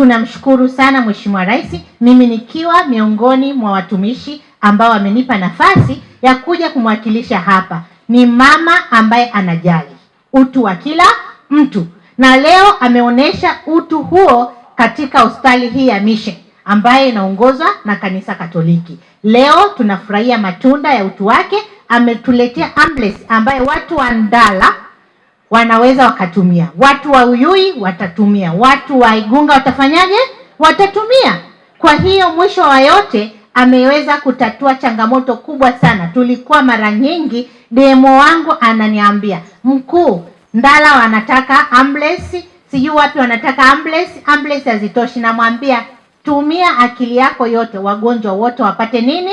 Tunamshukuru sana Mheshimiwa Rais, mimi nikiwa miongoni mwa watumishi ambao wamenipa nafasi ya kuja kumwakilisha hapa. Ni mama ambaye anajali utu wa kila mtu, na leo ameonyesha utu huo katika hospitali hii ya Mission ambayo inaongozwa na Kanisa Katoliki. Leo tunafurahia matunda ya utu wake. Ametuletea ambulance ambayo watu wa Ndala wanaweza wakatumia. Watu wa Uyui watatumia, watu wa Igunga watafanyaje? Watatumia. Kwa hiyo mwisho wa yote ameweza kutatua changamoto kubwa sana. Tulikuwa mara nyingi, demo wangu ananiambia mkuu, Ndala wanataka ambulance, sijui wapi wanataka ambulance, ambulance hazitoshi. Namwambia tumia akili yako yote, wagonjwa wote wapate nini?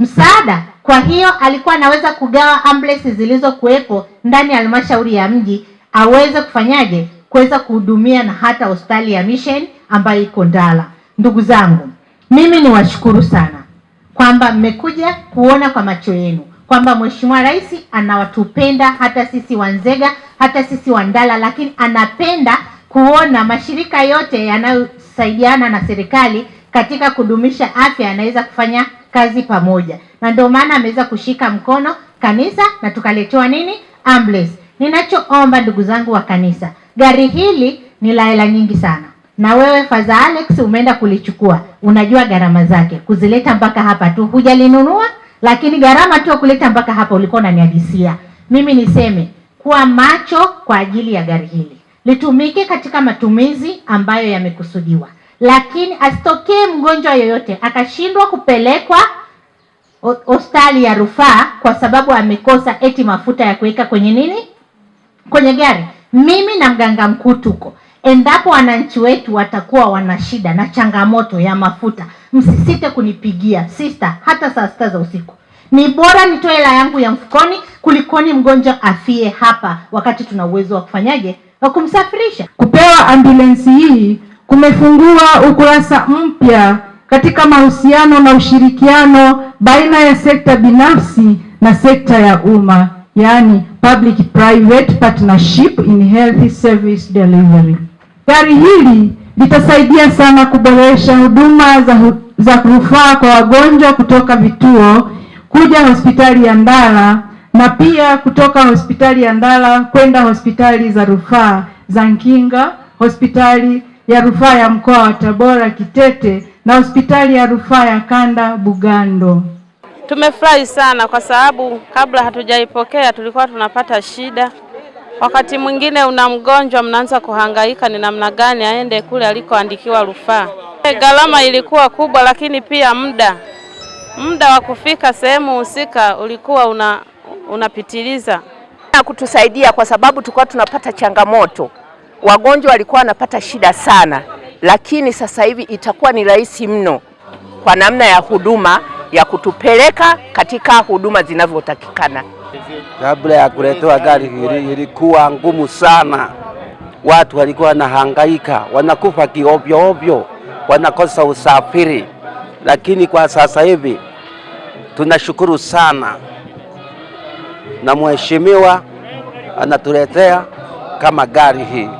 msaada. Kwa hiyo alikuwa anaweza kugawa ambulensi zilizokuwepo ndani ya halmashauri ya mji aweze kufanyaje kuweza kuhudumia na hata hospitali ya Mission ambayo iko Ndala. Ndugu zangu, mimi niwashukuru sana kwamba mmekuja kuona kwa macho yenu kwamba Mheshimiwa Rais anawatupenda hata sisi Wanzega, hata sisi Ndala, lakini anapenda kuona mashirika yote yanayosaidiana na serikali katika kudumisha afya yanaweza kufanya kazi pamoja, na ndio maana ameweza kushika mkono kanisa na tukaletewa nini, ambulance. Ninachoomba ndugu zangu wa kanisa, gari hili ni la hela nyingi sana, na wewe Faza Alex umeenda kulichukua, unajua gharama zake kuzileta mpaka hapa tu, hujalinunua lakini gharama tu kuleta mpaka hapa ulikuwa unaniadisia Mimi niseme kuwa macho kwa ajili ya gari hili litumike katika matumizi ambayo yamekusudiwa lakini asitokee mgonjwa yoyote akashindwa kupelekwa hospitali ya rufaa kwa sababu amekosa eti mafuta ya kuweka kwenye nini, kwenye gari. Mimi na mganga mkuu tuko endapo wananchi wetu watakuwa wana shida na changamoto ya mafuta, msisite kunipigia sista, hata saa sita za usiku. Ni bora nitoe hela yangu ya mfukoni kulikoni mgonjwa afie hapa, wakati tuna uwezo wa kufanyaje, wa kumsafirisha. Kupewa ambulensi hii kumefungua ukurasa mpya katika mahusiano na ushirikiano baina ya sekta binafsi na sekta ya umma, yaani public private partnership in health service delivery. Gari hili litasaidia sana kuboresha huduma za, hu za rufaa kwa wagonjwa kutoka vituo kuja hospitali ya Ndala na pia kutoka hospitali ya Ndala kwenda hospitali za rufaa za Nkinga, hospitali ya rufaa ya mkoa wa Tabora Kitete na hospitali ya rufaa ya kanda Bugando. Tumefurahi sana kwa sababu kabla hatujaipokea tulikuwa tunapata shida. Wakati mwingine una mgonjwa, mnaanza kuhangaika ni namna gani aende kule alikoandikiwa rufaa. Gharama ilikuwa kubwa, lakini pia muda muda wa kufika sehemu husika ulikuwa una unapitiliza na kutusaidia, kwa sababu tulikuwa tunapata changamoto wagonjwa walikuwa wanapata shida sana, lakini sasa hivi itakuwa ni rahisi mno kwa namna ya huduma ya kutupeleka katika huduma zinavyotakikana. Kabla ya kuletewa gari hili ilikuwa ngumu sana, watu walikuwa wanahangaika, wanakufa kiovyo ovyo, wanakosa usafiri, lakini kwa sasa hivi tunashukuru sana na mheshimiwa anatuletea kama gari hii.